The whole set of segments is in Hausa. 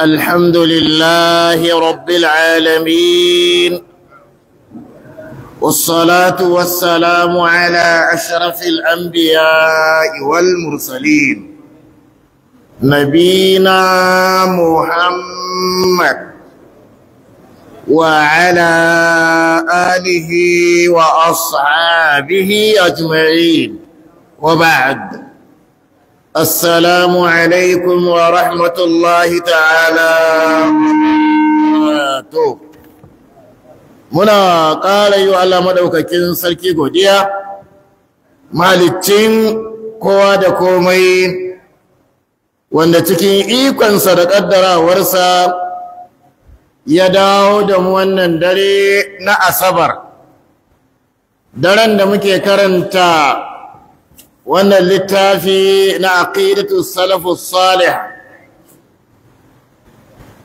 الحمد لله رب العالمين والصلاة والسلام على أشرف الأنبياء والمرسلين نبينا محمد وعلى آله وأصحابه أجمعين وبعد السلام عليكم ورحمة الله تعالى وبركاته muna ƙara yi wa Allah maɗaukakin sarki godiya malicin kowa da komai wanda cikin ikonsa da ƙaddarawarsa ya dawo da mu wannan dare na asabar daren da muke karanta wannan littafi na aqidatu salafu salih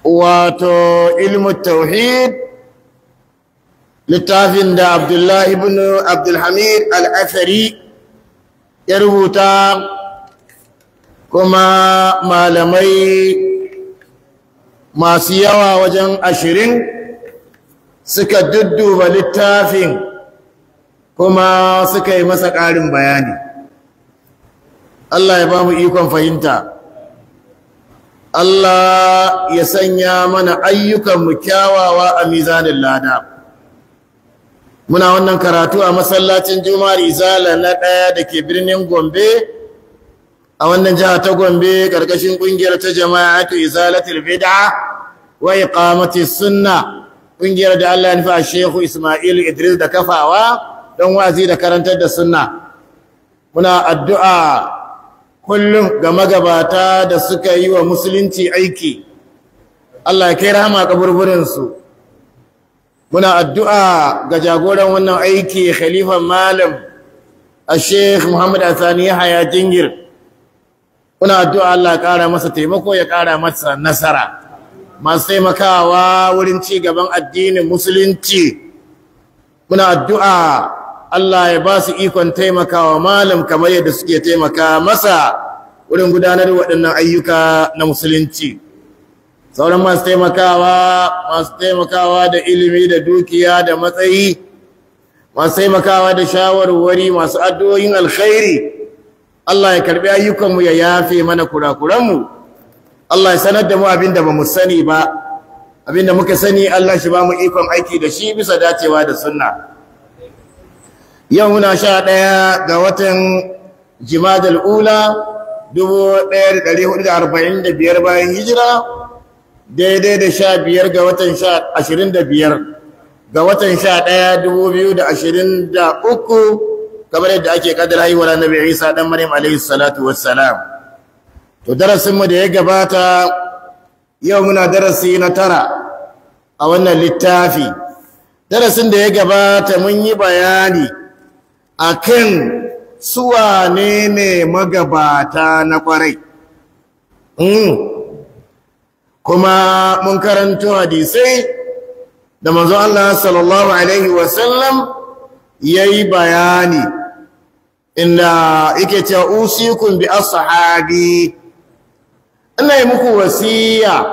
wato ilmu tauhid littafin da abdullahi ibn abdulhamid al-athari ya rubuta kuma malamai masu yawa wajen ashirin suka dudduba littafin kuma suka yi masa ƙarin bayani Allah ya ba mu ikon fahimta Allah ya sanya mana ayyukan mu kyawawa a mizanin lada muna wannan karatu a masallacin juma'ar izala na ɗaya dake birnin gombe a wannan jiha ta gombe ƙarƙashin ƙungiyar ta jama'atu izalatul bid'a wa iqamati sunna ƙungiyar da Allah ya nufa Shehu Ismail Idris da kafawa don wazi da karantar da sunna muna addu'a kullum ga magabata da suka yi wa musulunci aiki Allah kai rahama kaburburinsu muna addu'a ga jagoran wannan aiki khalifan malam al-sheikh Muhammad Asani Yahaya Jingir muna addu'a Allah ƙara masa taimako ya kara masa nasara masu taimakawa wurin ci gaban addinin musulunci muna addu'a Allah ya ba su ikon taimakawa malam kamar yadda suke taimaka masa wurin gudanar waɗannan ayyuka na musulunci sauran masu taimakawa masu taimakawa da ilimi da dukiya da matsayi masu taimakawa da shawarwari masu addu'o'in alkhairi Allah ya karbi ayyukanmu ya yafe mana kurakuranmu Allah ya sanar da mu abin da mu sani ba abin da muka sani Allah shi ba mu ikon aiki da shi bisa dacewa da sunna yau muna sha ɗaya ga watan jimadal ula 1445 bayan hijira daidai da sha biyar ga watan sha ashirin da biyar ga watan sha ɗaya dubu biyu da ashirin da uku kamar yadda ake kadar haihuwar annabi Isa dan Maryam alaihi salatu wassalam to darasin mu da ya gabata yau muna darasi na tara a wannan littafi darasin da ya gabata mun yi bayani akan suwa ne ne magabata na kwarai hmm. kuma mun karanto hadisai da manzo Allah sallallahu alaihi wasallam yayi bayani inda ike cewa usikun bi ashabi ina yi muku wasiya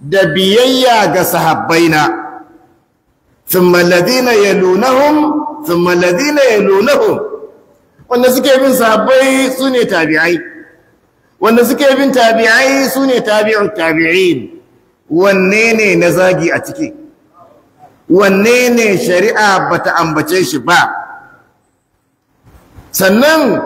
da biyayya ga sahabbaina thumma alladhina yalunahum thumma alladhina yalunahum wanda suke bin sahabbai su ne tabi'ai wanda suke bin tabi'ai su ne tabi'ut tabi'in wanne ne na zagi a ciki wanne ne shari'a bata ambace shi ba sannan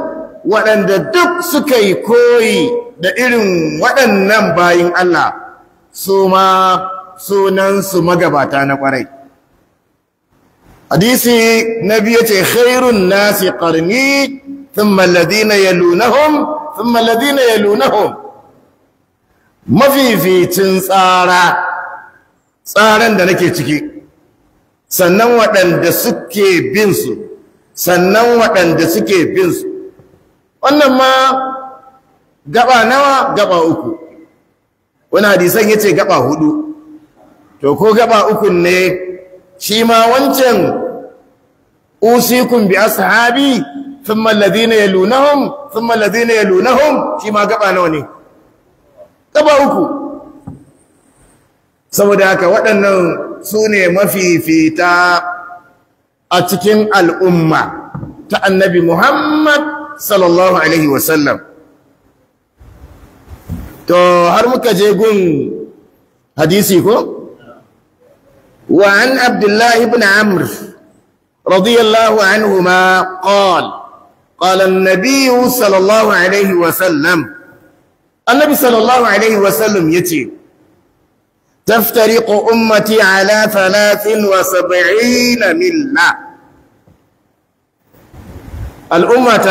waɗanda duk suka yi koyi da irin waɗannan bayin Allah su ma sunansu magabata na ƙwarai hadisi na biyu ce khairun nasi qarni sun alladhina ya thumma alladhina yalunahum mafificin tsara tsaren da nake ciki sannan waɗanda suke bin su sannan waɗanda suke bin su wannan ma gaba nawa gaba uku wani hadisan yace gaba hudu to ko gaba ukun ne shi ma wancan usikum bi ashabi thumma alladhina yalunahum thumma alladhina yalunahum shi ma gaba nawa ne gaba uku saboda haka waɗannan su ne mafifita a cikin al'umma ta annabi Muhammad sallallahu Alaihi wasallam. To har muka je gun hadisi ko? وعن عبد الله بن عمرو رضي الله عنهما قال قال النبي صلى الله عليه وسلم النبي صلى الله عليه وسلم يتي تفترق أمتي على ثلاث وسبعين ملة الأمة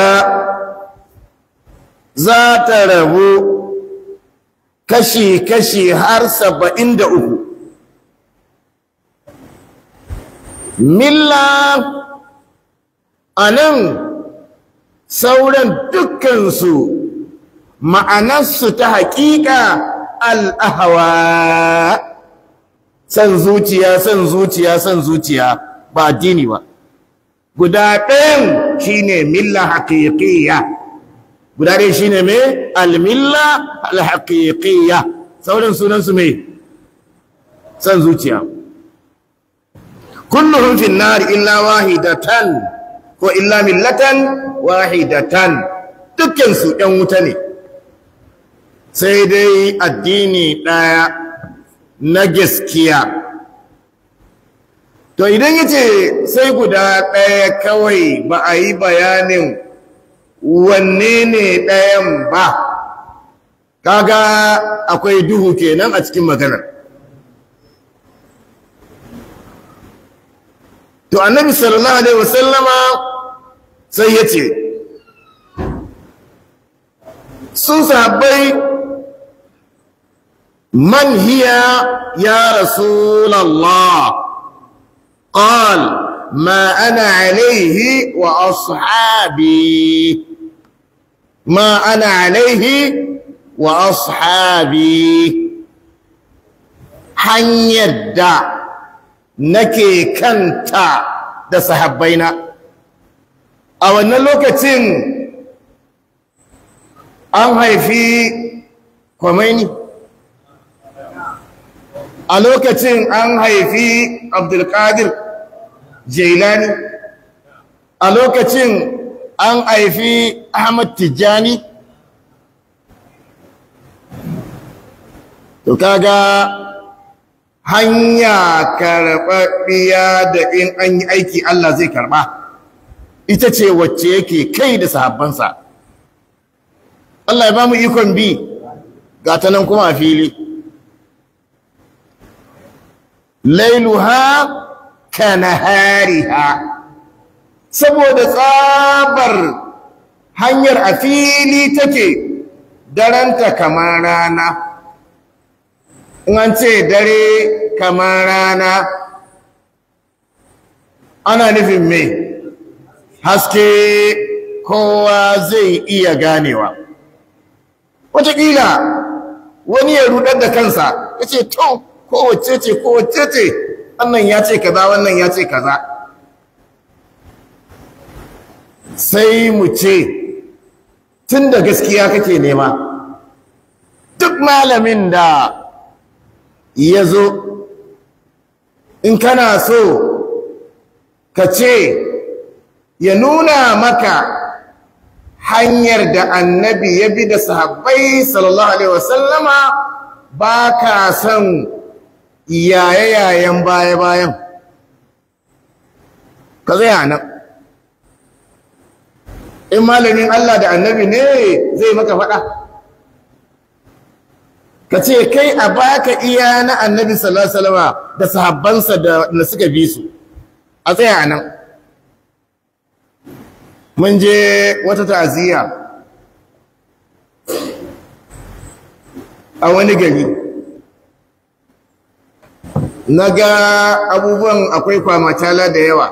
ذات له كشي كشي هرسب إند أهو milla a nan sauran dukkansu ma'anarsu ta haƙiƙa al'ahawa san zuciya san zuciya san zuciya ba dini ba guda ɗayan shine milla haƙiƙiya guda ɗaya shine mai almilla alhaƙiƙiya sauran sunansu mai san zuciya Kullum fi nari illa wahidatan ko illa millatan wahidatan dukkansu ɗan wuta ne sai dai addini ɗaya na gaskiya to idan yace sai guda ɗaya kawai ba a yi bayanin wanne ne ɗayan ba kaga akwai duhu kenan a cikin maganar to annabi sallallahu alaihi wasallama sai yace ce sun sahabbai man hiya ya rasulullah rasulallah قال ما أنا عليه وأصحابي ما أنا عليه وأصحابي حن يدّع nake kanta da sahabbaina a wannan lokacin an haifi kwamaini a lokacin an haifi abdulkadir jailani a lokacin an haifi ahmad tijjani to kaga hanya karɓaɓɓiya da in an yi aiki Allah zai karɓa ita ce wacce yake kai da sahabbansa Allah ya ba mu ikon bi ga ta nan kuma a fili lailuha ka Hariha. saboda tsabar hanyar a fili take daranta kamar rana in an ce dare kamar rana ana nufin me haske kowa zai iya ganewa wataƙila wani ya rudar da kansa ya ce to kowace ce kowace ce ya ce kaza wannan ya ce kaza sai mu ce tun da gaskiya kake nema duk malamin da ya zo in kana so ka ce ya nuna maka hanyar da annabi ya bi da sahabbai sallallahu alaihi wasallama ba ka son yayayayen baya-bayan ka zai hana. in malamin Allah da annabi ne zai maka faɗa kace kai a baka iya na annabi sallallahu alaihi wasallam da sahabbansa da na suka bi su a tsaya anan mun je wata ta'aziyya a wani gari naga abubuwan akwai kwamatala da yawa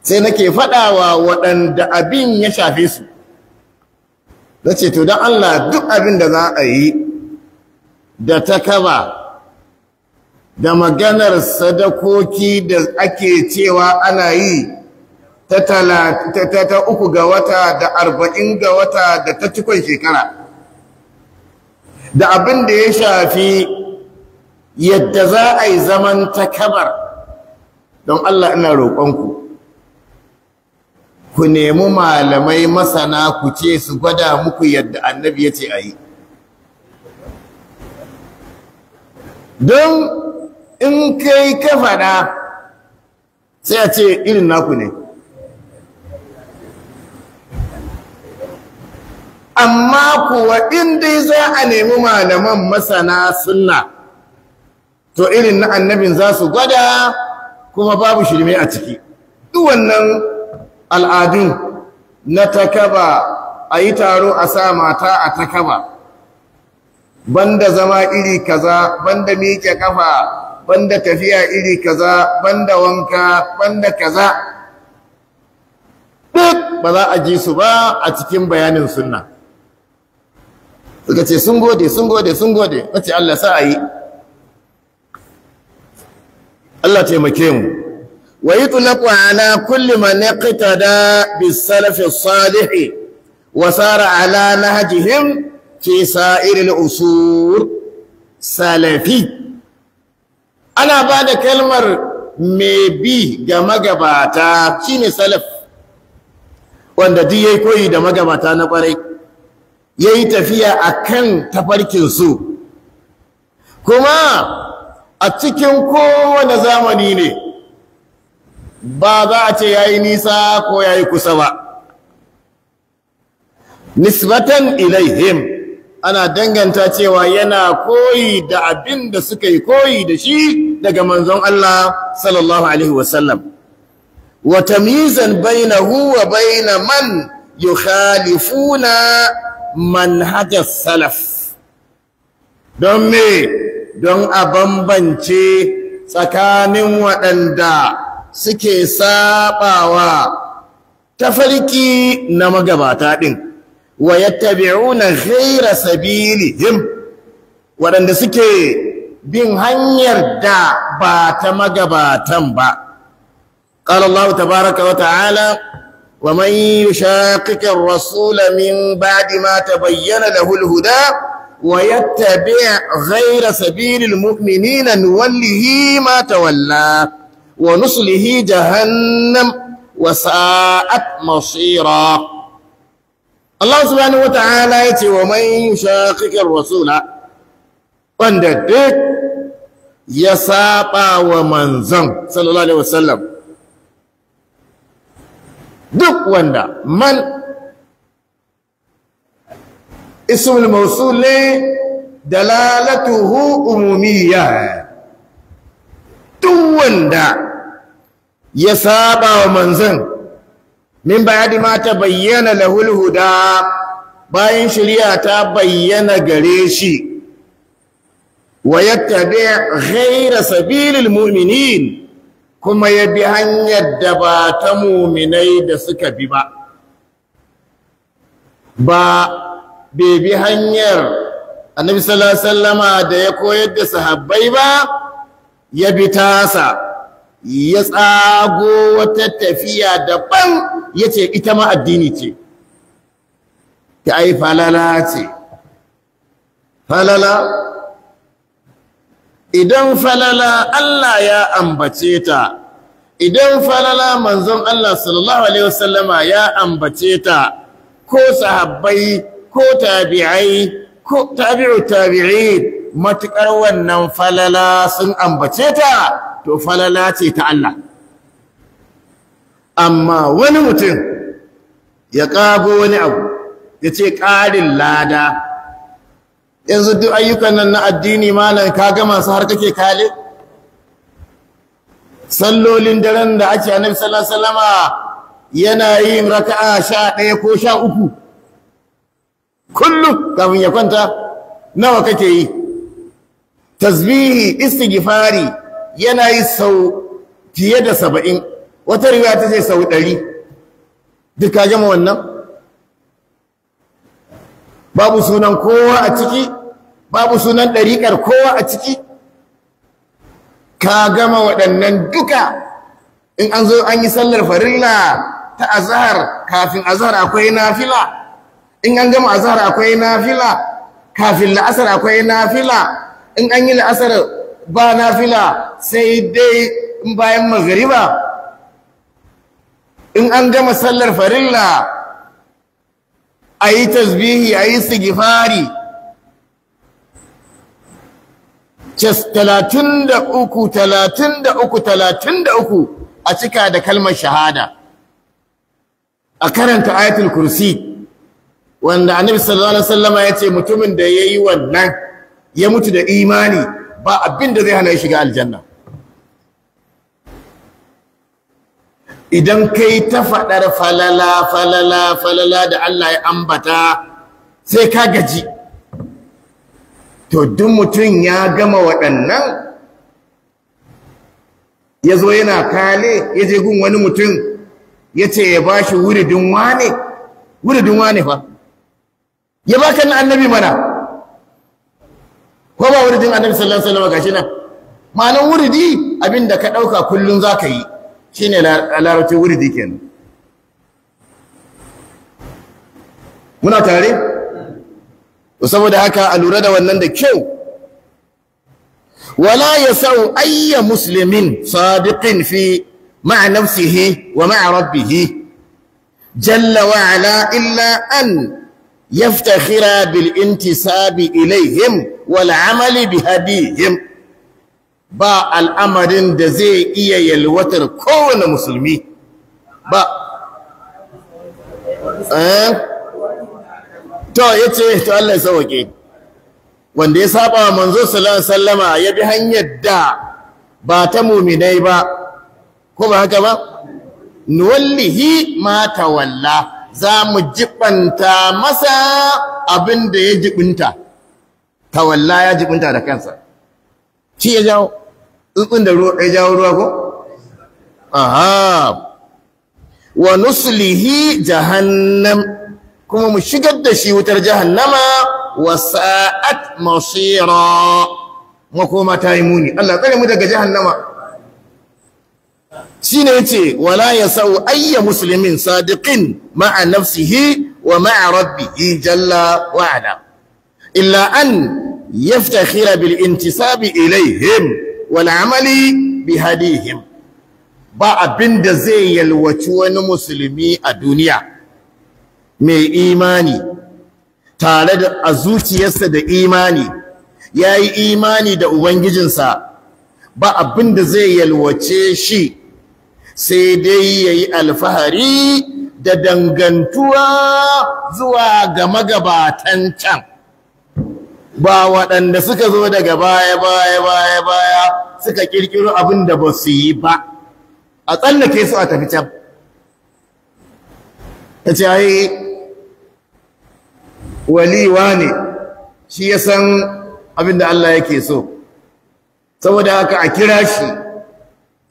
sai nake faɗawa waɗanda abin ya shafe su ta ce to don Allah duk abin da za a yi da ta kaba da maganar sadakoki da ake cewa ana yi ta uku ga wata da arba'in ga wata da ta cikon shekara da abin da ya shafi yadda za a yi zaman ta kabar don Allah ina roƙonku ku nemi malamai masana ku ce su gwada muku yadda annabi ya ce a yi don in kai ka faɗa sai a ce irin naku ne amma kuwa in dai za a nemi malaman masana sunna to irin na annabin za su gwada kuma babu shirme a ciki duk wannan al'adu na takaba a yi taro a sa mata a takaba banda zama iri kaza banda miƙe kafa banda tafiya iri kaza banda wanka banda kaza duk ba za a ji su ba a cikin bayanin sunna suka ce sun gode sun gode sun gode wace Allah sa a yi Allah taimake mu ويطلق على كل من اقتدى بالسلف الصالح وسار على نهجهم في سائر الأصول سلفي أنا بعد كلمة مبي جمجباتا شيني سلف wanda duk yayi koyi da magabata na kwarai yayi tafiya akan tafarkin su kuma a cikin kowane zamani ne ba za a ce ya yi nisa ko ya yi kusa ba nisbatan ilaihim ana danganta cewa yana koyi da abin da suka yi koyi da shi daga manzon Allah sallallahu alaihi wasallam bai na huwa bai na man yukhalifuna Manhajar salaf don me don a bambance tsakanin waɗanda suke sabawa tafarki na magabata ɗin, wa yattabi'una ghayra sabilihim wadanda suke bin hanyar da ba ta magabatan ba qala Allah tabaaraka wa ta'ala wa man yushaqiq ar min ba'di ma tabayyana lahu al-huda wa yattabi' ghayra sabilil mu'minina nuwallihi ma tawalla ونصله جهنم وساءت مصيرا الله سبحانه وتعالى يتي ومن يشاقق الرسول وندك يسابا ومنزم صلى الله عليه وسلم دك وندا من اسم الموصول دلالته أمومية تو وندا ya saba wa manzon min ba'di ma ta bayyana lahul huda bayan shari'a ta bayyana gare shi wa yattabi' ghayra sabilil mu'minin kuma ya bi hanyar da ba ta muminai da suka bi ba ba bai bi hanyar annabi sallallahu alaihi wasallama da ya koyar da sahabbai ba ya bi tasa ya tsago wata tafiya daban ya ce ita ma addini ce ta ai falala ce falala idan falala Allah ya ambace ta idan falala manzon Allah sallallahu alaihi wasallama ya ambace ta ko sahabbai ko tabi'ai ko tabi'u tabi'in Matukar wannan falala sun ambace ta to falala ce ta Allah amma wani mutum ya ƙabo wani abu ya ce ƙarin lada yanzu duk ayyukan nan na addini malam ka gama su har kake kale sallolin daren da ake annabi sallallahu alaihi wasallama yana yin raka'a sha ɗaya ko sha uku kullum kafin ya kwanta nawa kake yi tasbihi istighfari yana yi sau fiye da saba'in wata riwaya ta ce sau ɗari duk ka gama wannan babu sunan kowa a ciki babu sunan ɗariƙar kowa a ciki ka gama waɗannan duka in an zo an yi sallar farilla ta azhar kafin azhar akwai nafila in an gama azhar akwai nafila kafin la'asar akwai nafila in an yi la'asar ba na fila sai dai in bayan magariba in an gama sallar farilla a yi tasbihi a yi sigifari talatin da uku talatin da uku talatin da uku a cika da kalmar shahada a karanta ayatul kursi wanda annabi sallallahu alaihi wasallam ya ce mutumin da yayi wannan ya mutu da imani ba abin da zai hana ya shiga aljanna idan kai ta faɗar falala falala falala da Allah ya ambata sai ka gaji to duk mutum ya gama waɗannan ya zo yana kale ya je gun wani mutum ya ce ya ba shi wuridin wane wuridin wane fa ya baka na annabi mana ko ba wuridin annabi sallallahu alaihi wasallam gashi nan ma'anan wuridi abinda ka dauka kullun zaka yi shine larabcin wuridi kenan muna tare saboda haka a lura da wannan da kyau ولا يسع أي مسلم صادق fi مع wa ومع Jalla wa ala illa an. يفتخر بالانتساب إليهم والعمل بهديهم ba al'amarin da zai iya yalwatar kowane musulmi ba to ya ce to Allah ya sauke wanda ya saba wa manzo sallallahu sallama ya bi hanyar da ba ta muminai ba ko ba haka ba nuwallihi ma tawalla za mu jibanta masa abin da ya jibinta tawalla ya jibinta da kansa shi ya jawo tsuntsun da ruwa ya jawo ruwa ko aha wa nuslihi jahannam kuma mu shigar da shi wutar jahannama wa sa'at masira makoma ta yi muni Allah tsare mu daga jahannama ne ce wala ya sau ayya Musulmin sadiqin ma'a nafsihi wa ma'a rabbih jalla wa illa an yaftakhira bil intisabi ilaihim wal amali hadihim ba abinda zai yalwaci wani musulmi a duniya mai imani tare da a zuciyarsa da imani ya yi imani da ubangijinsa ba abinda zai yalwace shi sai dai ya yi alfahari da dangantuwa zuwa ga magabatan can ba waɗanda suka zo daga baya baya baya baya suka ƙirƙiro abin da ba su yi ba a tsallake su a tafi can ta ce yi waliwa ne shi ya san abin da Allah yake so saboda haka a kira shi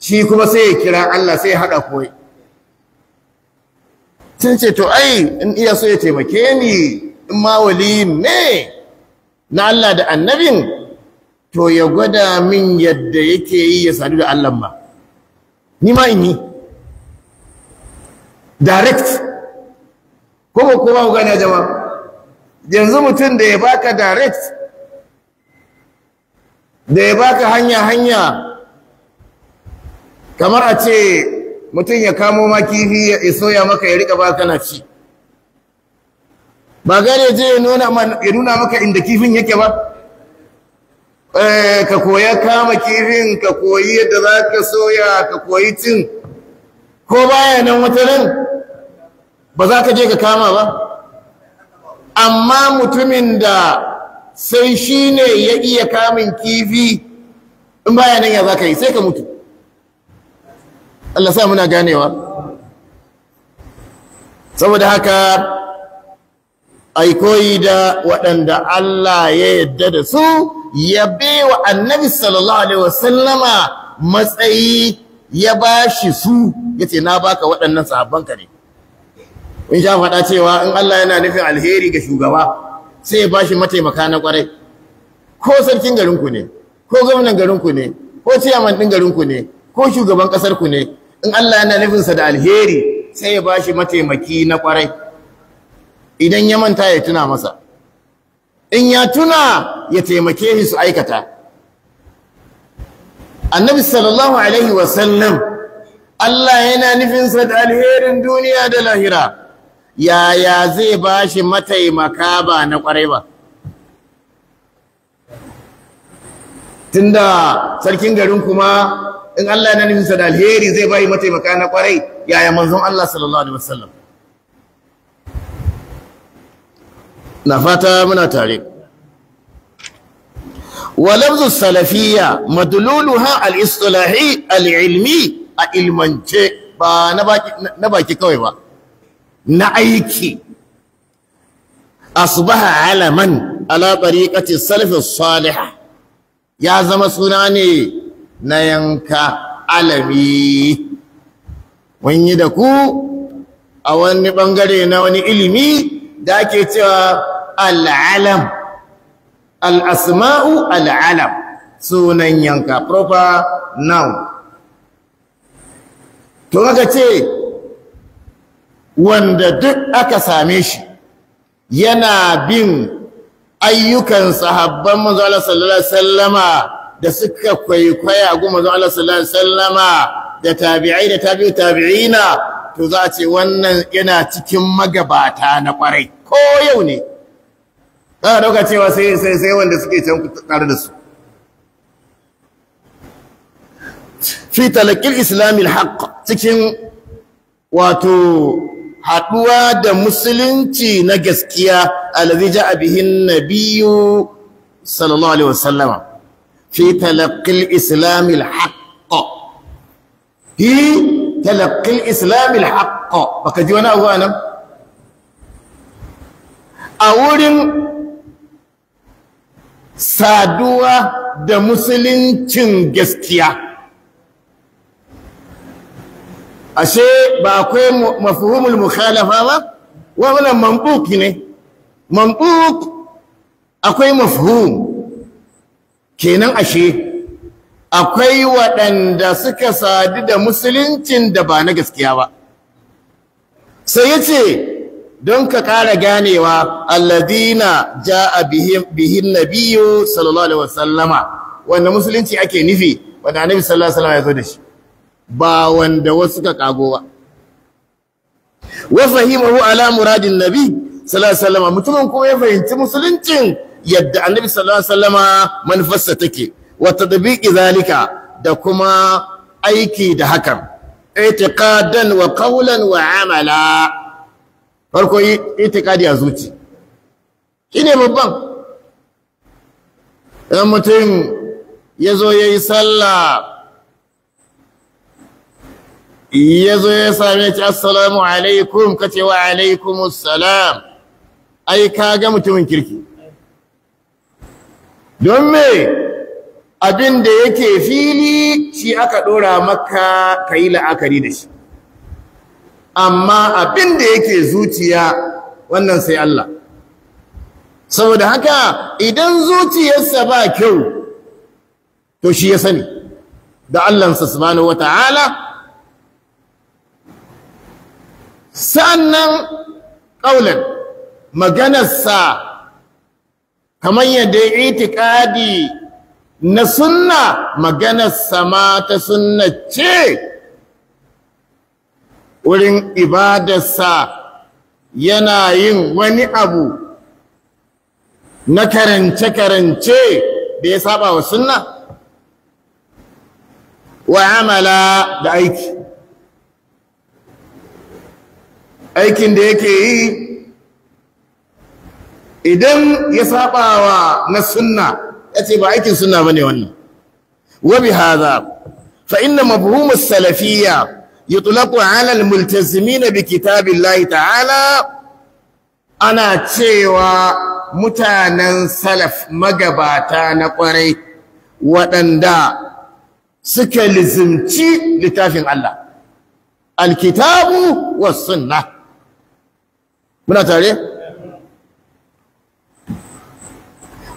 shi kuma sai ya kira Allah sai ya haɗa koyi sun ce to ai in iya so ya taimake ni in ma waliyin ne na Allah da annabin to ya gwada min yadda yake yi ya sadu da Allah ma ni ma in yi direct ko kuma gane jama'a yanzu mutum da ya baka direct da ya baka hanya hanya kamar a ce mutum ya kamo ma kifi ya soya maka ya riƙa ba na ci ba gane je ya nuna maka inda kifin yake ba eh, ka koya kama kifin ka koyi yadda za ka soya ka koyi cin ko baya nan wata nan ba za ka je ka kama ba amma mutumin da sai shi ne ya iya kamun kifi in baya nan ya za ka yi sai ka mutu Allah sa muna ganewa saboda haka ai koyi da waɗanda Allah ya yadda da su ya wa annabi sallallahu alaihi wasallama matsayi ya bashi su ce na baka waɗannan sahabbanka ne in sha faɗa cewa in Allah yana nufin alheri ga shugaba sai ya bashi mataimaka na ƙwarai ko sarkin garinku ne ko gwamnan garinku ne ko ciyaman ɗin garinku ne ko shugaban ƙasarku ne in Allah yana nufinsa da alheri sai ya bashi mataimaki na kwarai idan ya manta ya tuna masa in ya tuna ya taimake shi su aikata annabi sallallahu alaihi wasallam Allah yana nufinsa da alherin duniya da lahira yaya zai bashi mataimaka ba na kwarai ba tunda sarkin garin kuma in Allah ya nufin sa da alheri zai bayi mataimaka na kwarai yaya manzon Allah sallallahu alaihi wasallam na fata muna tare wa lafzu salafiyya madluluha al-istilahi al-ilmi a ilmance ba na baki na baki kawai ba na aiki asbaha alaman ala tariqati salaf as-salih ya zama suna ne na yanka alami mun yi da ku a wani bangare na wani ilimi da ake cewa al'alam al'asma'u al'alam sunan yanka proper noun to aka ce wanda duk aka same shi yana bin ayyukan sahabban manzo sallallahu alaihi da suka kwaikwaya gun manzon Allah sallallahu alaihi wasallama da tabi'ai da tabi'u tabi'ina to za a ce wannan yana cikin magabata na kwarai ko yau ne za a dauka cewa sai sai sai wanda suke can tare da su fi talakil islami alhaq cikin wato haɗuwa da musulunci na gaskiya alazi ja'a bihin nabiyyu sallallahu alaihi wasallama في تلقي الإسلام الحق في تلقي الإسلام الحق baka ji wani abu anan a wurin saduwa da musuluncin gaskiya ashe ba akwai mafhumul mukhalafa ba ne akwai mafhum kenan ashe akwai waɗanda suka sadu da musuluncin da ba na gaskiya ba sai ya ce don ka ƙara ganewa alladina a bihin nabiyu sallallahu alaihi wasallama wanda musulunci ake nufi wanda annabi sallallahu alaihi wasallama ya zo da shi ba wanda wasu ka kago ba wa fahimahu ala muradin nabi sallallahu alaihi wasallama mutumin kuma ya fahimci musuluncin yadda annabi sallallahu alaihi wasallama manufarsa take wa tadbiqi zalika da kuma aiki da hakan i'tiqadan wa qawlan wa amala farko i'tiqadi a zuci shine babban idan mutum ya zo ya yi sallah ya zo ya same ci assalamu alaikum ka ce wa alaikumus salam ai ka ga mutumin kirki don me abin da yake fili shi aka ɗora maka ka yi la'akari da shi amma abin da yake zuciya wannan sai Allah saboda haka idan zuciyarsa ba kyau to shi ya sani da Allah subhanahu wata'ala sa'annan ƙaunar maganarsa kamar yadda itikadi na sunna maganar sama ta sunna ce wurin ibadarsa yana yin wani abu na karance-karance da ya saba wa sunna wa amala da aiki aikin da yake yi idan ya saba wa na sunna yace ba aikin sunna ba wannan wa bi fa inna mafhum as-salafiyya yutlaqu 'ala multazimi na bi kitabillahi ta'ala ana cewa mutanen salaf magabata na kwarai waɗanda suka lizimci littafin Allah alkitabu wa sunna muna tare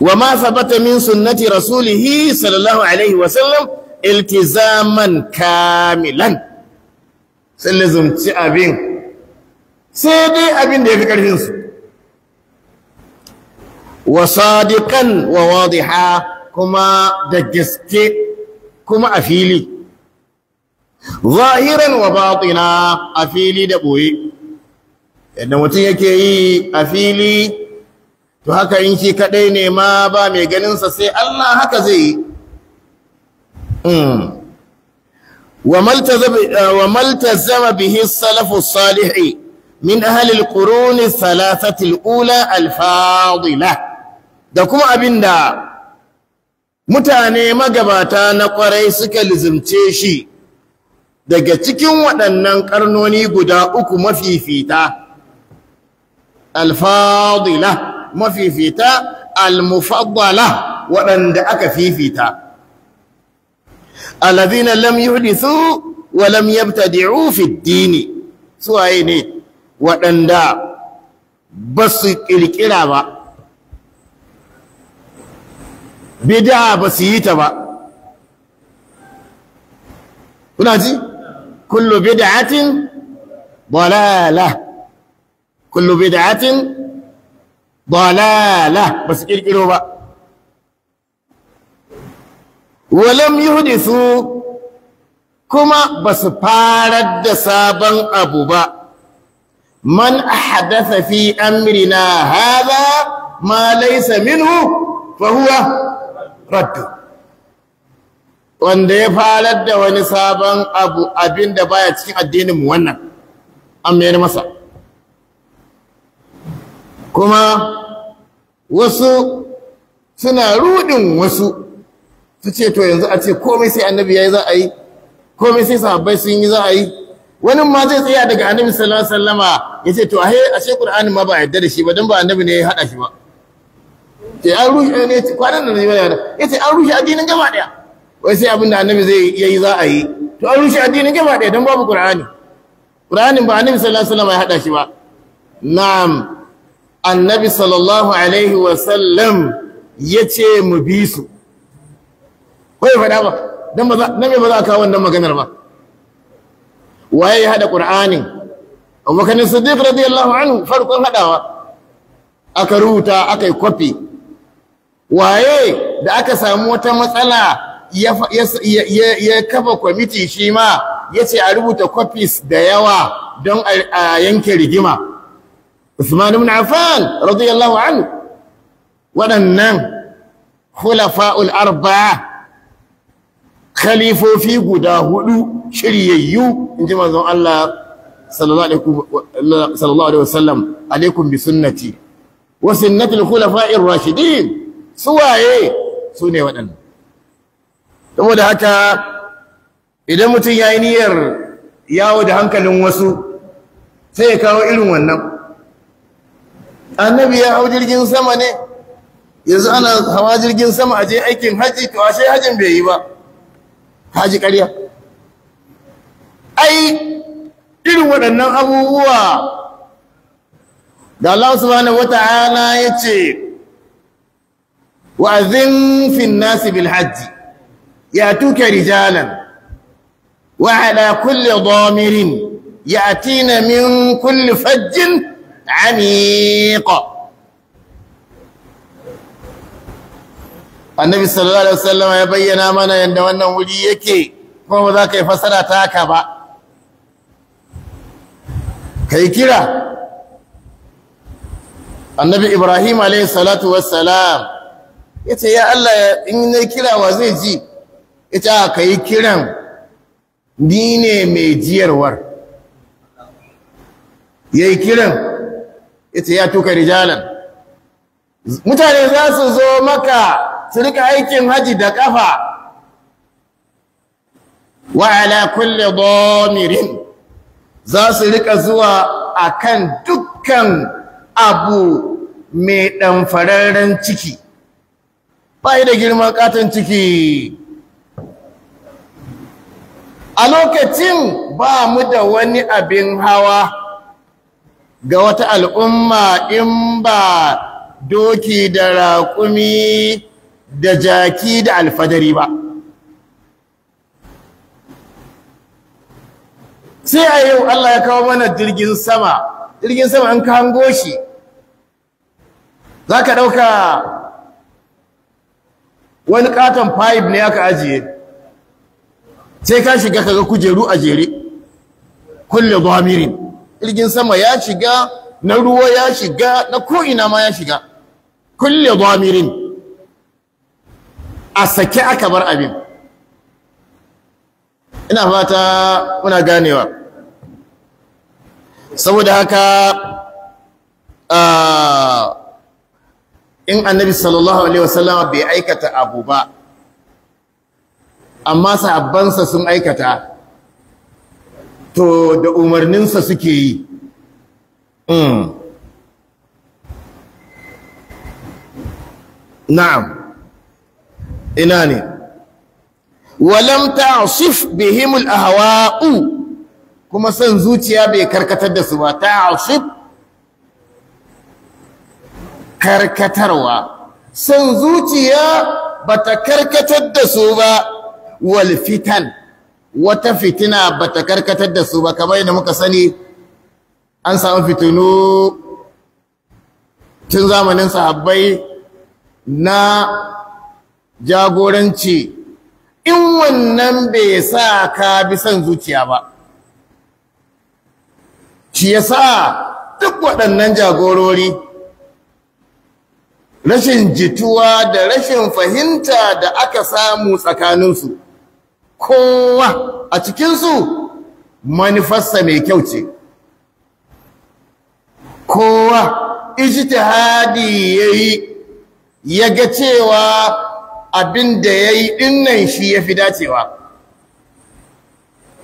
wa masa thabata min sunnati rasulihi sallallahu alaihi wa sallam iltizaman kamilan sun lazumci abin sai dai abin da ya fi ƙarfin su wa sadiqan wa wadiha kuma da Giske kuma a fili zahiran wa batina a fili da boye yadda mutum yake yi a fili to haka in shi kaɗai ne ma ba mai ganinsa sai Allah haka zai yi hmm. wa eh, zama bihi salafu salihi min ahli alquruni thalathati ula alfadila da kuma abinda mutane magabata na ƙwarai suka lizimce shi daga cikin waɗannan ƙarnoni guda uku mafifita alfadila mafifita al-mufaddala waɗanda aka fifita alladhina lam yuhdithu wa lam yabtadi'u fi ad-dini suwaye ne waɗanda ba su kirkira ba bid'a ba su yi ta ba kuna ji kullu bid'atin dalala kullu bid'atin dalala ba su ba walam yuhdisu kuma ba su farar da sabon abu ba man ahdatha fi amrina hadha ma laysa minhu fa huwa raddu wanda ya farar da wani sabon abu abinda baya cikin addinin mu wannan an masa kuma wasu suna rudin wasu su ce to yanzu a ce komai sai annabi ya yi za a yi komai sai sahabbai sun yi za a yi wani ma zai tsaya daga annabi sallallahu alaihi wasallama ya ce to ahe ce qur'ani ma ba yadda da shi ba dan ba annabi ne ya hada shi ba ce an ruhi ne ce kwanan da ne ya ce an rushe addinin gaba daya wai sai abin da annabi zai yi yayi za a yi to an rushe addinin gaba daya dan babu qur'ani qur'anin ba annabi sallallahu alaihi wasallama ya hada shi ba na'am annabi sallallahu alaihi wasallam ya ce mu bi su wai faɗa ba don na ba za a kawo wannan maganar ba waye ya haɗa ƙur'anin abubakar siddiq radiyallahu anhu farkon haɗawa aka rubuta aka yi kwafi waye da aka samu wata matsala ya kafa kwamiti shi ma ya ce a rubuta kwafis da yawa don a yanke rigima Usman ibn Affan radiyallahu anhu waɗannan khulafa'ul arba'a khalifofi guda hudu shiryayyu inji manzon Allah sallallahu alaihi wasallam alaikum bi sunnati wa sunnati al-khulafa'ir rashidin suwaye su ne waɗannan saboda haka idan mutum ya yi niyyar yawo da hankalin wasu sai ya kawo irin wannan annabi ya hau jirgin sama ne yanzu ana hawa jirgin sama a je aikin haji to ashe hajin bai yi ba haji ƙarya ai irin waɗannan abubuwa da Allah subhanahu wata'ala ya ce wa'azin fin nasi bil hajji ya tuke rijalan wa ala kulli dhamirin ya'tina min kulli fajjin عميق annabi sallallahu alaihi wasallam ya bayyana mana yanda wannan wuri yake kuma ba za ka yi fasara ta haka ba kai kira annabi ibrahim alaihi salatu wassalam yace ya Allah in ne kira wa zai ji yace ka yi kiran ni ne mai jiyarwar yayi kiran ita ya tuka rijalan mutane za su zo maka su rika aikin haji da kafa wa ala kulli dhamirin za su rika zuwa akan dukkan abu mai ɗanfararren ciki bai da girma katon ciki a lokacin ba mu da wani abin hawa ga wata al'umma in ba doki da raƙumi da jaki da alfadari ba sai a yau Allah ya kawo mana jirgin sama jirgin sama an ka hango shi za ka ɗauka wani katon fayib ne aka ajiye sai ka shiga kaga kujeru a jere kulle bamirin. jirgin sama ya shiga na ruwa ya shiga na ko'ina ma ya shiga kulle gwamirin a sake aka bar abin ina fata muna ganewa saboda haka in annabi sallallahu alaihi wasallama bai aikata abu ba amma sahabbansa sun aikata to da umarninsa suke yi hmm. na'am ina ne walam ta'sif bihim ahwau kuma son zuciya bai karkatar da su ba ta'sif karkatarwa son zuciya bata karkatar da su ba wal fitan wata fitina bata karkatar da su ba kamar yadda muka sani an samu fitinu tun zamanin sahabbai na jagoranci in wannan bai sa ka bi son zuciya ba shi sa duk waɗannan jagorori rashin jituwa da rashin fahimta da aka samu tsakaninsu kowa a cikinsu manufarsa mai kyau ce kowa ijtihadi yayi ya ga cewa abin da ya yi ɗinnan shi ya fi dacewa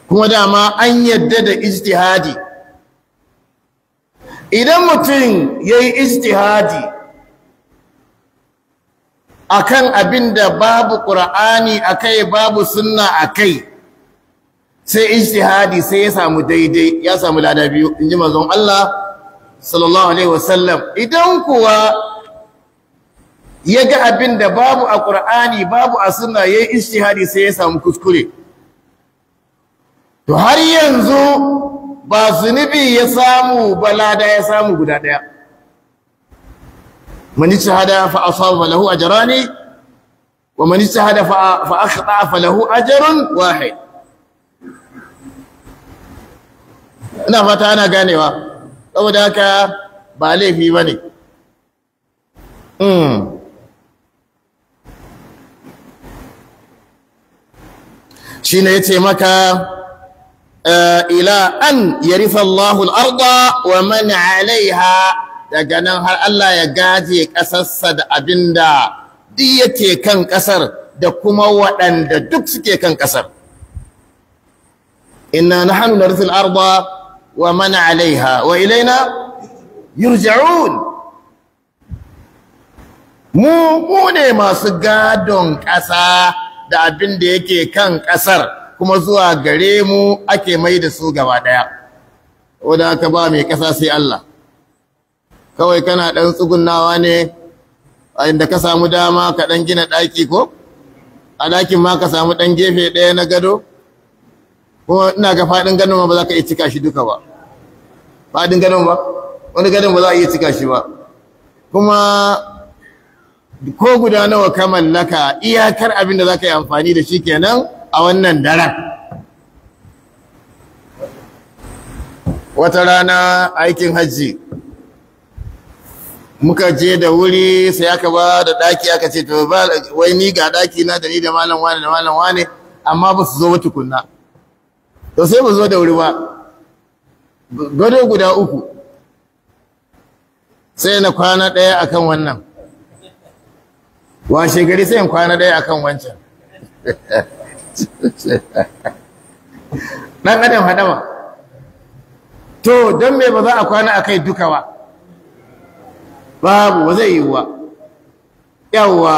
kuma dama an yadda da ijtihadi idan mutum ya yi ijtihadi akan abin da babu ƙur'ani akai babu sunna akai sai ijtihadi sai ya samu daidai ya samu lada biyu inji manzon Allah sallallahu alaihi wasallam idan kuwa ya ga abin da babu a ƙur'ani babu a sunna yayi ijtihadi sai ya samu kuskure to har yanzu ba zunubi ya samu ba lada ya samu guda ɗaya من اجتهد فأصاب فله أجران ومن اجتهد فأخطأ فله أجر واحد ina fata ana ganewa saboda haka ba laifi ba ne shi ne ya ce maka ila an yarifa Allahul arda wa man alaiha daga nan har Allah ya gaje ƙasarsa da abin da duk yake kan ƙasar da kuma waɗanda duk suke kan ƙasar inna da rufin Arba wa mana alaiha wa ilaina yurja'un mu mu ne masu gadon ƙasa da abin da yake kan ƙasar kuma zuwa gare mu ake mai da su gaba ɗaya Wadda aka ba mai ƙasa sai Allah kawai kana ɗan tsugunnawa ne a inda ka samu dama ka ɗan gina ɗaki ko a ɗakin ma ka samu ɗan gefe ɗaya na gado kuma ina ga faɗin gadon ba za ka iya cika shi duka ba faɗin gadon ba wani gadon ba za a iya cika shi ba kuma ko guda nawa ka mallaka iyakar abin da za ka yi amfani da shi kenan a wannan daren wata rana aikin hajji muka je da wuri sai aka ba da daki aka ce to ba wai ni ga daki na da ni da malam wani da malam wani amma ba su zo ba tukunna to sai ba zo da wuri ba gado guda uku sai na kwana ɗaya akan wannan washe gari sai kwana ɗaya akan wancan ɗan adam hadama to don me ba za a kwana akai duka ba babu ba zai yi wa yawa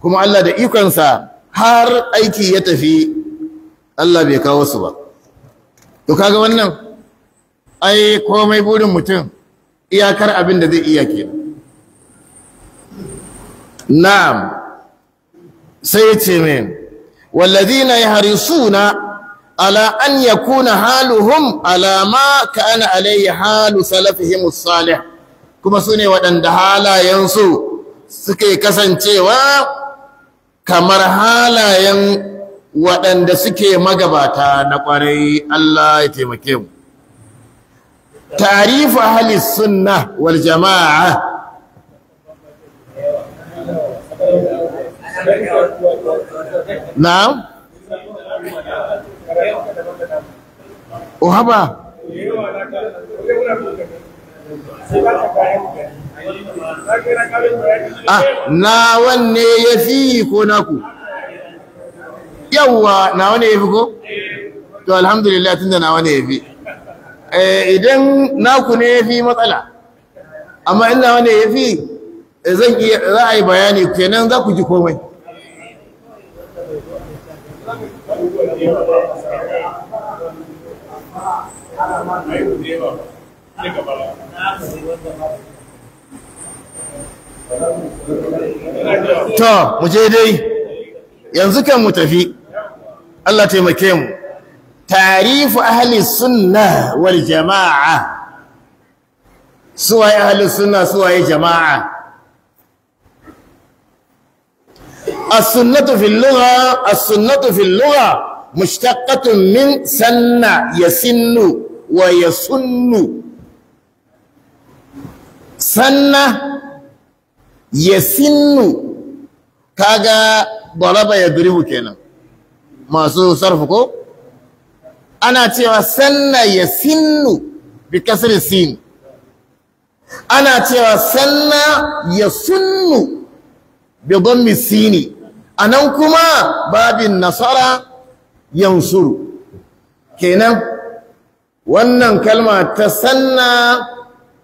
kuma Allah da ikonsa har aiki ya tafi Allah bai kawo su ba to kaga wannan ai komai burin mutum iyakar abin da zai iya ke na'am sai ce min wallazina yahrisuna على أن يكون حالهم على ما كان halu حال سلفهم الصالح kuma su ne waɗanda halayensu suke kasancewa kamar halayen waɗanda suke magabata na ƙwarai Allah ya taimake mu Tarifa halis sunna wal jama'a na uhaba ah na wanne ya fi ko naku yawwa na wanne ya fi ko to alhamdulillah tunda na wanne ya fi eh, idan naku ne ya fi matsala amma ina wanne ya fi eh, zan iya za a yi bayani kenan za ku ji komai Thank you. ta muje dai yanzu kan mu tafi Allah taimake mu tarifu ahli sunna wal jama'a waye ahli sunna waye jama'a as-sunnatu fil lugha as-sunnatu fil lugha mushtaqatun min sanna yasinnu wa yasunnu sanna ya sinu kaga balaba ya kenan masu sarfu ko ana cewa sanna ya sinu bi kasri sin ana cewa sanna ya sunnu bi dhammi sini anan kuma babin nasara yansuru kenan wannan kalma ta sanna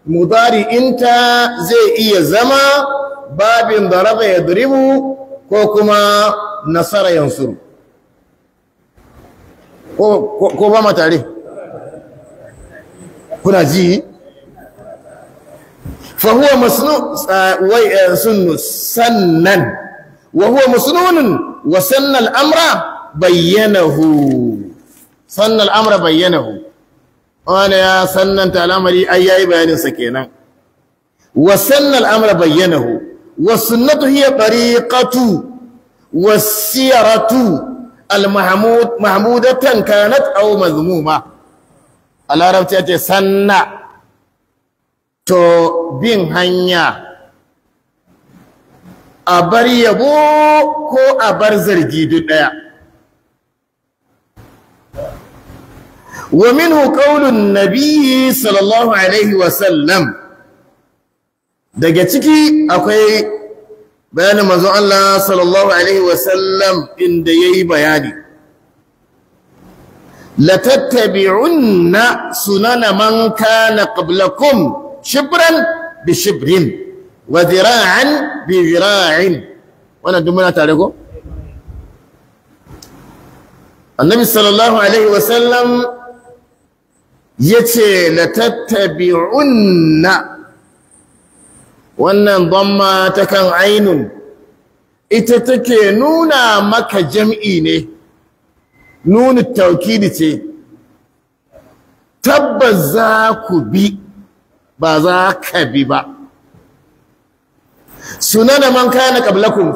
mudari'inta zai iya zama babin raba ya duribu ko kuma nasara yansuru ko ba ma tare kuna ji fahuwa eh, sannan wa sannan amra bayyanahu sannan amra wanda ya sannanta al'amari ai yayi bayaninsa kenan wa sanna al'amra bayyanahu wa sunnatu hiya tariqatu wasiyaratu al mahmudatan kanat aw mazmuma a ya ce sanna to bin hanya a bar yabo ko a bar zargi duk ɗaya ومنه قول النبي صلى الله عليه وسلم daga ciki akwai bayanin manzon Allah sallallahu alaihi wasallam inda yayi bayani latattabi'unna sunana man kana qablakum shibran bi shibrin wa dhira'an bi dhira'in wannan duk muna tare ko Annabi sallallahu alaihi wasallam yace la tattabi'unna wannan dhamma ta kan ainun ita take nuna maka jam'i ne nuna taukidi ce tabbas za ku bi ba za ka bi ba da man kana kablakum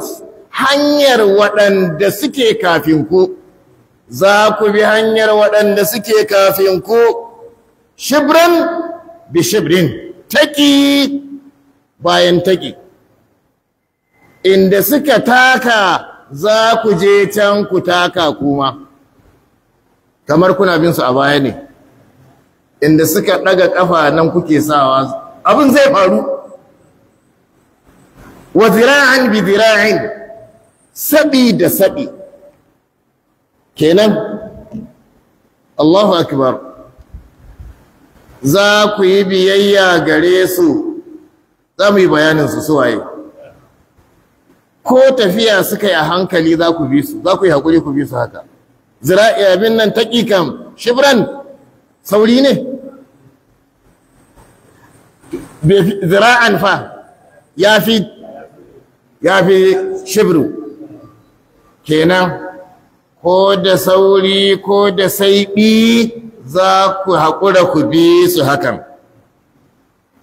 hanyar waɗanda suke kafin ku za ku bi hanyar waɗanda suke kafin ku shibrin bi shibrin taki bayan taki inda suka taka za ku je can ku taka kuma kamar kuna bin su a baya ne inda suka ɗaga ƙafa nan kuke sawa abin zai faru wa zira'an bi zira'in sabi da saɓi. kenan Allahu akbar za ku yi biyayya gare su za mu yi bayanin su suwaye ko tafiya suka yi a hankali za ku bi su za ku yi hakuri ku bi su haka zira'i eh, abin nan kam. shibran sauri ne zira'an fa ya fi ya fi shibru kenan ko da sauri ko da saiɓi za ku haƙura ku bi su hakan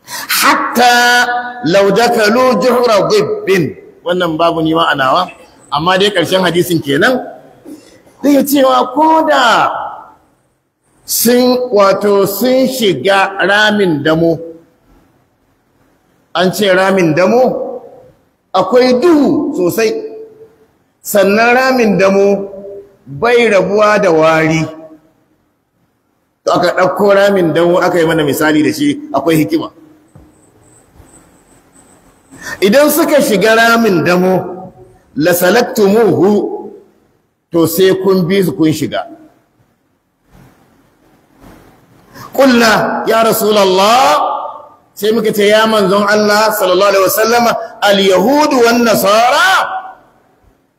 hatta laudakalu juhura gubbin wannan babu ni ma'anawa. amma dai ƙarshen hadisin kenan zai cewa ko da sun wato sun shiga ramin damo an ce ramin damo akwai duhu sosai sannan ramin damo bai rabuwa da wari to aka ɗauko ramin dawo aka yi mana misali da shi akwai hikima idan suka shiga ramin damo la salaktumuhu to sai kun bi su kun shiga kulna ya rasulullah sai muka ce ya manzon Allah sallallahu alaihi wasallam al-yahudu wan nasara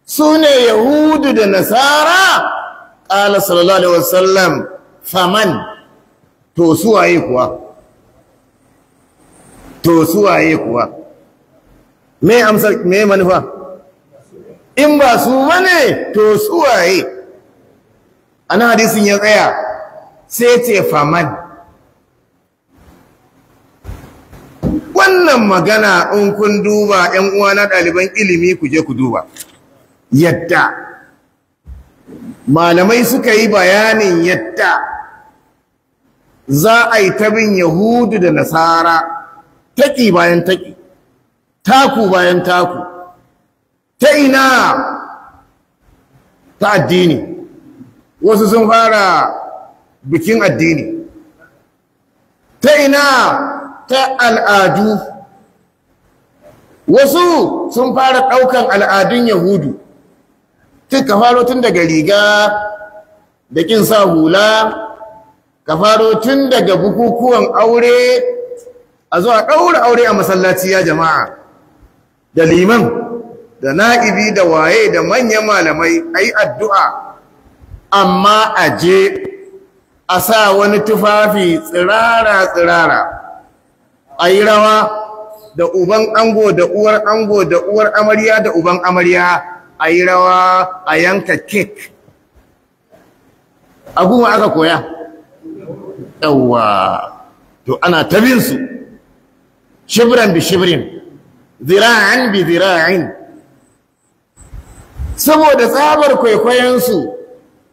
sune yahudu da nasara qala sallallahu alaihi wasallam faman to suwaye kuwa to suwaye kuwa me amsa me manufa in ba su bane to suwaye ana hadisin ya tsaya sai ce faman wannan magana in kun duba ‘yan uwana ɗaliban ilimi ku je ku duba yadda malamai suka yi bayanin yadda za a yi ta bin yahudu da nasara taƙi bayan taƙi taku bayan taku ta ina ta addini wasu sun fara bikin addini ta ina ta al'adu wasu sun fara ɗaukan al'adun yahudu tun kafaro tun daga riga da ƙin sa hula ka faro tun daga bukukuwan aure a zuwa ɗaura aure a masallaci ya jama'a da liman da na'ibi da waye da manyan malamai ai addu'a amma a je a sa wani tufafi tsirara tsirara a yi rawa da uban ango da uwar ango da uwar amarya da uban amarya a yi rawa a yanka kek a aka koya yawwa to ana tabin su shibran bi shibrin zira'an bi zira'in saboda tsabar kwaikwayon su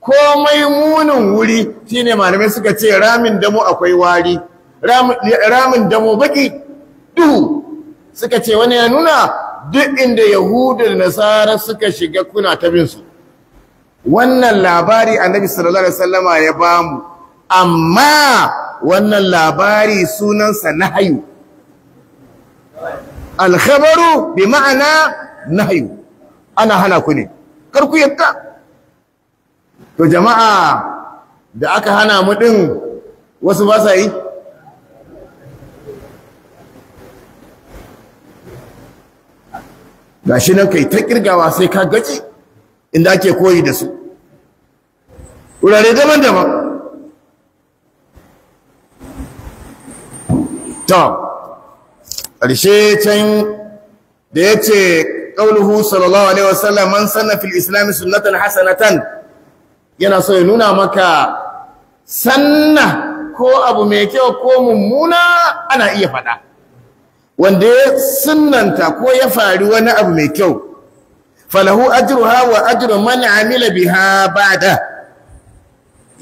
komai munin wuri shine malamai suka ce ramin damo akwai wari ramin damo baki duhu suka ce wani ya nuna duk inda yahudu da nasara suka shiga kuna tabin su wannan labari annabi sallallahu alaihi wasallama ya bamu amma wannan labari sunansa na hayu, alkhabaru bi ma'ana nahyu ana hana ku ne kar ku yadda to jama'a da aka hana mu din wasu ba sa yi shi nan kai ta kirgawa sai ka gaji inda ake koyi da su wurare daban-daban to ƙarshe can da ya ce ƙauluhu sallallahu alaihi wasallam man sanna fil islami sunnatan hasanatan yana so ya nuna maka sanna ko abu mai kyau ko mummuna ana iya faɗa wanda ya sunnanta ko ya faru wani abu mai kyau falahu Ajiru hawa Ajiru man amila biha ba'da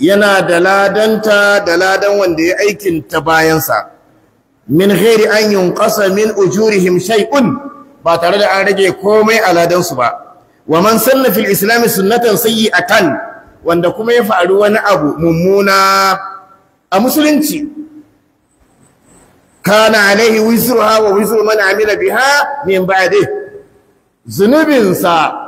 yana da ladanta da ladan wanda ya aikin ta bayansa min ghairi an yunqasa min ujurihim shay'un ba tare da an rage komai a su ba wa man sanna fil islam sunnatan sayyi'atan wanda kuma ya faru wani abu mummuna a musulunci kana alaihi wizruha wa wizru man amila biha min ba'di zunubinsa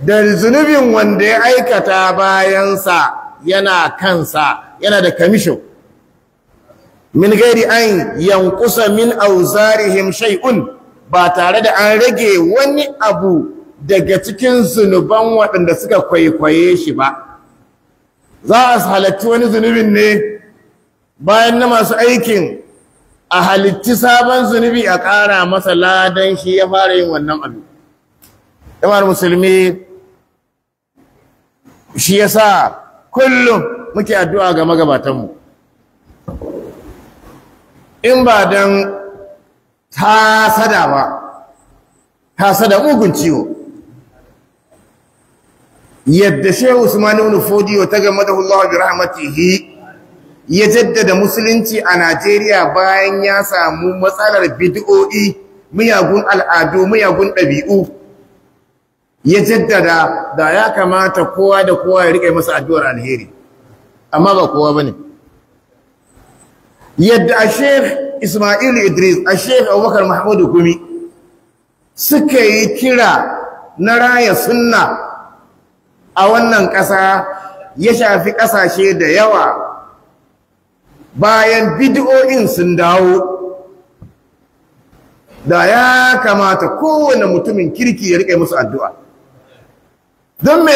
da zunubin wanda ya aikata bayansa yana kansa yana da kamishin min gairi an yankusa min auzarihim shay'un ba tare da an rage wani abu daga cikin zunuban waɗanda suka kwaikwaye shi ba za a halarci wani zunubin ne bayan na masu aikin a halitti sabon zunubi a ƙara masa ladan shi ya fara yin wannan abu ɗamar musulmi shi ya sa kullum muke addu'a ga magabatanmu in ba dan sada ba sada mugun ciwo yadda shehu usman ibn fodiyo ta gama da Allah bi rahmatihi ya jaddada musulunci a Najeriya bayan ya samu matsalar bid'o'i miyagun al'adu miyagun ɗabi'u ya jaddada da ya kamata kowa da kowa ya riƙe masa addu'ar alheri amma ba kowa ba ne. yadda a sheikh ismail idris a sheikh abubakar mahmudu kumi suka yi kira na raya sunna a wannan ƙasa ya shafi ƙasashe da yawa bayan bidiyo'in sun dawo da ya kamata kowane mutumin kirki ya riƙe musu addu'a don me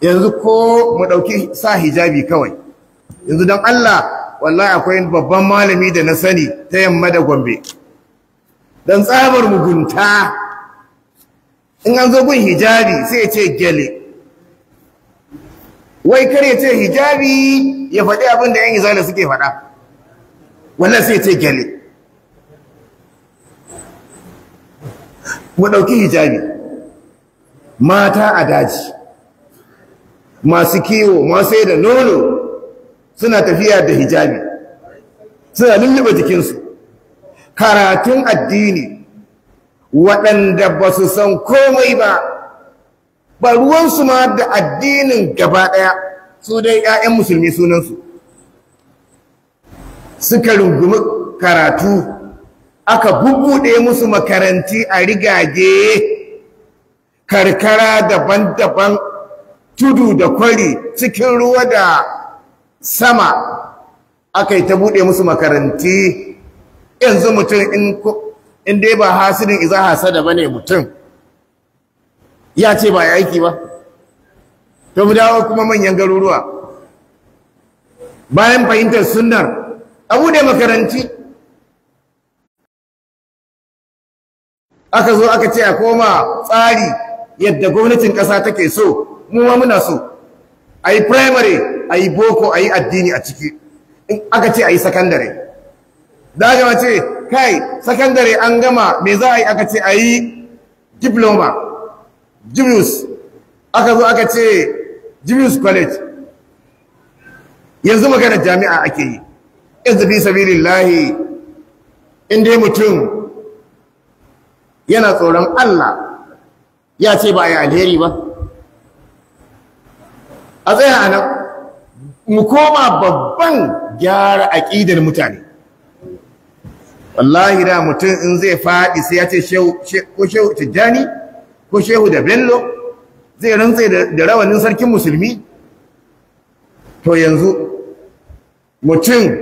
yanzu ko mu ɗauki sa hijabi kawai yanzu don Allah wallahi akwai babban malami da na sani ta yamma da gombe Dan tsabar mugunta in an zo gun hijabi sai ya ce gele wai kar ya ce hijabi ya faɗi abin da 'yan izala suke faɗa wannan sai ya ce gele mu ɗauki hijabi mata a daji masu kiwo masu da nono suna tafiya da hijabi suna lullube jikinsu karatun addini waɗanda ba su san komai ba ba ruwansu ma da addinin gaba ɗaya su dai 'ya'yan musulmi sunansu suka rungumi karatu aka bubuɗe musu makaranti a rigage karkara daban-daban tudu da kwari cikin ruwa da sama aka yi ta buɗe musu makaranti yanzu mutum in dai ba hasirin iza hasada ba ne mutum ya ce ba ya aiki ba to mu dawo kuma manyan garuruwa bayan fahimtar sunnar a buɗe makaranti aka zo aka ce a koma tsari yadda gwamnatin ƙasa take so mu muna so a yi primary a yi boko a yi addini a ciki in aka ce a yi sakandare da mace kai sakandare an gama me za a yi aka ce a yi diploma jimus aka zo aka ce jimus college yanzu maganar jami'a ake yi sabirin lahi inda mutum yana tsoron Allah ya ce ba a yi alheri ba a tsaya a nan mu koma babban gyara aƙidar mutane wallahi da mutum in zai faɗi sai ya ce ko shehu tijjani ko shehu da bello zai rantse da rawanin sarkin musulmi to yanzu mutum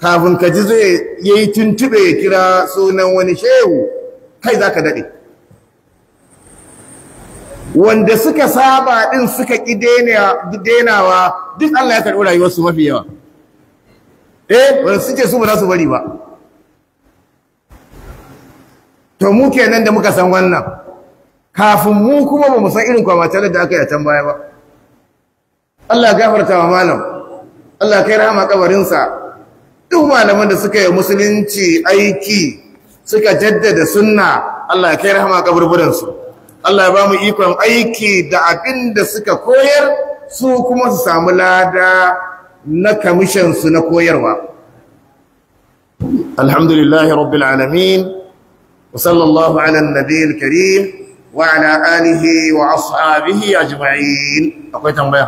kafin ka ji zai ya yi ya kira sunan wani shehu kai za ka daɗe wanda suka saba ɗin suka ƙi denawa duk Allah ya karɓi rayuwarsu mafi yawa eh wanda ce su ba za su bari ba to mu kenan da muka san wannan kafin mu kuma ba mu san irin kwamatalar da aka yi a can baya ba Allah gafarta wa malam Allah kai rahama kabarinsa duk malaman da suka yi musulunci aiki suka jaddada sunna Allah kai rahama kaburburansu Allah ya ba mu ikon aiki da abin da suka koyar su kuma su samu lada na kamishinsu na koyarwa alhamdulillahi rabbil alamin wa sallallahu ala nabiyil karim wa ala alihi wa ashabihi ajma'in akwai tambaya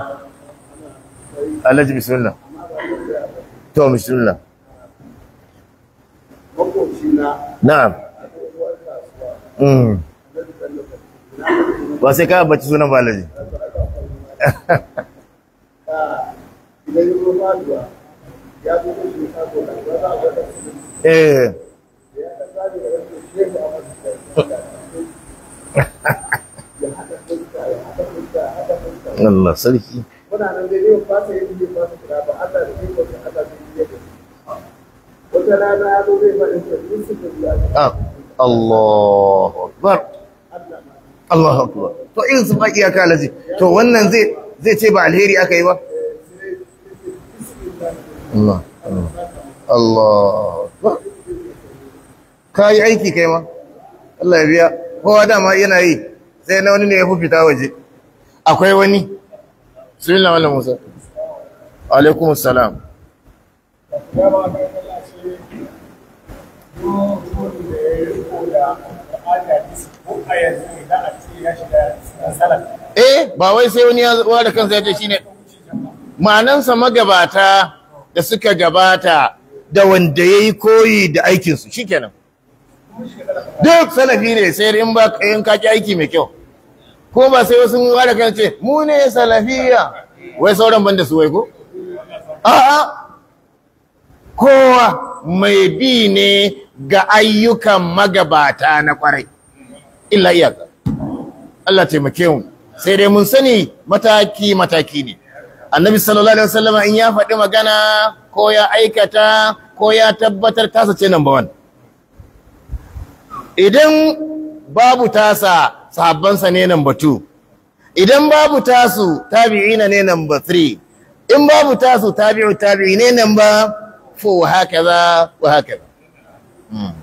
alhaji bismillah to bismillah na'am mm ba sai ka bace sunan balaji ايه الله صدق الله اكبر الله اكبر تو ان سبا اياك الذي تو ونن زي zai ce ba alheri aka yi ba Allah Allah ka yi aiki kai ma Allah ya biya kowa dama yana yi sai na wani ne ya fi fita waje akwai wani bismillah wani musa alaikum assalam a yanzu idan a ce ya shiga salaf eh ba wai sai wani ya da kansa ya ce shine ma'anansa magabata da suka gabata da wanda ya yi koyi da aikinsu shi kenan duk salafi ne sai in ba in kaki aiki mai kyau ko ba sai wasu ba da ce mu ne salafiya wai sauran banda su wai ko a'a kowa mai bi ne ga ayyukan magabata na kwarai illa iyaka Allah taimake mu sai dai mun sani mataki mataki ne annabi sallallahu alaihi wasallama in ya faɗi magana ko ya aikata ko ya tabbatar tasa ce number 1 idan babu tasa sahabbansa ne number 2 idan babu tasu tabi'ina ne number 3 in babu tasu tabi'u tabi'i ne number 4 hakaza wa hakaza mm.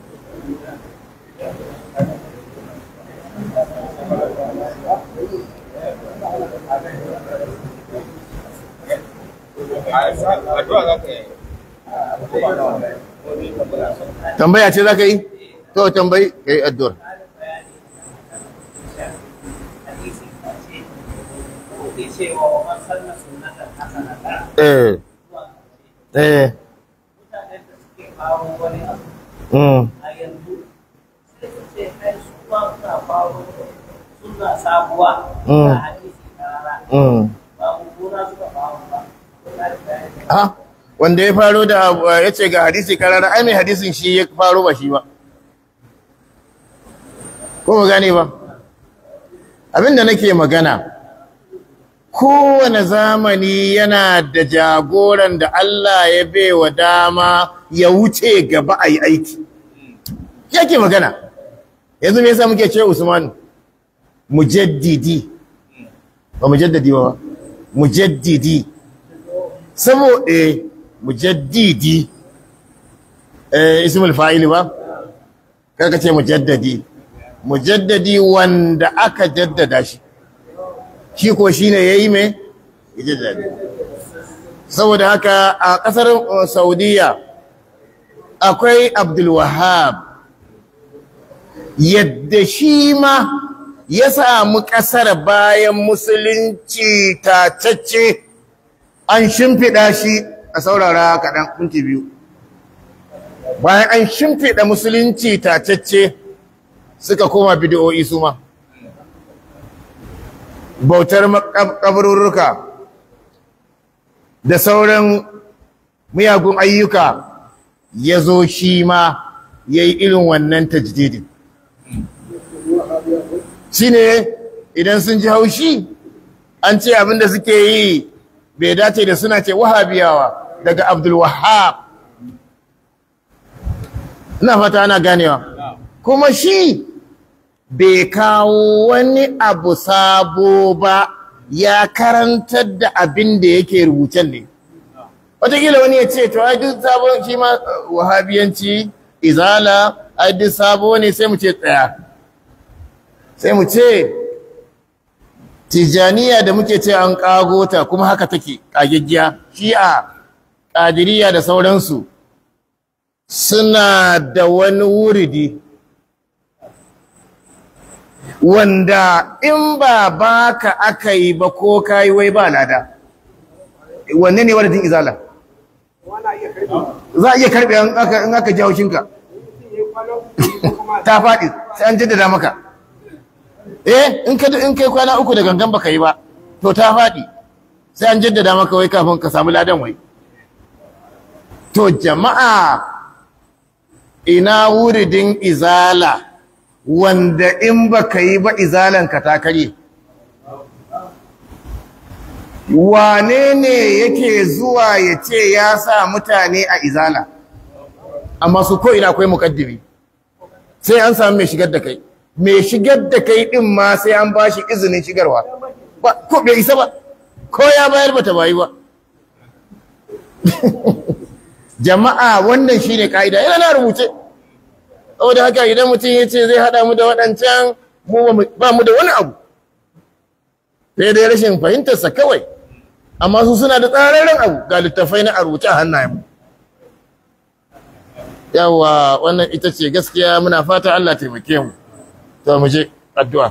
tambaya ce za ka yi to tambayi ka yi addu'ar eh eh mm Ah, wanda ya faro da eh, ya ce ga hadisi karara ai mai hadisin shi ya faro ba shi ba ko mu gane ba abinda nake magana kowane zamani yana da jagoran da Allah ya baiwa dama ya wuce gaba a yi aiki yake magana yanzu me yasa muke ce Usman mujaddidi ba mujaddidi ba mujaddidi samo eh mujaddidi eh, mujaddadi wanda aka jaddada shi shi ko shine yayi me jaddada saboda haka a ƙasar eh, Saudiyya akwai Abdul yadda shi ma ya samu ƙasar bayan musulunci tacacce an shimfiɗa shi a saurara kaɗan minti biyu bayan an shimfiɗa musulunci tacace, suka koma bidiyoyi su ma bautar ƙabarurruka da sauran miyagun ayyuka ya zo shi ma ya yi irin wannan tajdidin shi ne idan sun ji haushi an ce abinda suke yi bai dace da suna ce wahabiyawa daga abdul wahab ina fata ana ganewa kuma shi bai kawo wani abu sabo ba ya karantar da abin da yake rubucen ne wataƙila wani ya ce to a duk sabon shi ma uh, wahabiyanci izala a duk sabo ne sai mu ce tsaya sai mu ce tijaniya da muke ce an kago ta kuma haka take kagaggiya shi'a ƙadiriya da sauransu suna da wani wuridi wanda in ba baka aka yi ba ko kayi wai ba lada wanne ne waridin izala za a iya karbe in aka jawo shinka ta faɗi sai an jaddada maka eh in ka in kai kwana uku da gangan baka yi ba to ta faɗi sai an jaddada maka wai kafin ka samu ladan wai to jama'a ina wuridin izala wanda in baka yi ba ka ta kare wane ne yake zuwa ya ce ya sa mutane a izala amma su ko ina akwai mukaddimi sai an samu mai shigar da kai mai shigar da kai din ma sai an ba shi izinin shigarwa ba ko bai isa ba ko ya bayar bata bayi ba jama'a wannan shine kaida yana na rubuce saboda haka idan mutum ya ce zai hada mu da waɗancan mu ba mu da wani abu sai dai rashin fahimtarsa kawai amma su suna da tsararren abu ga littafai na a rubuce a hannayen yawa wannan ita ce gaskiya muna fata Allah taimake mu za mu je addu'a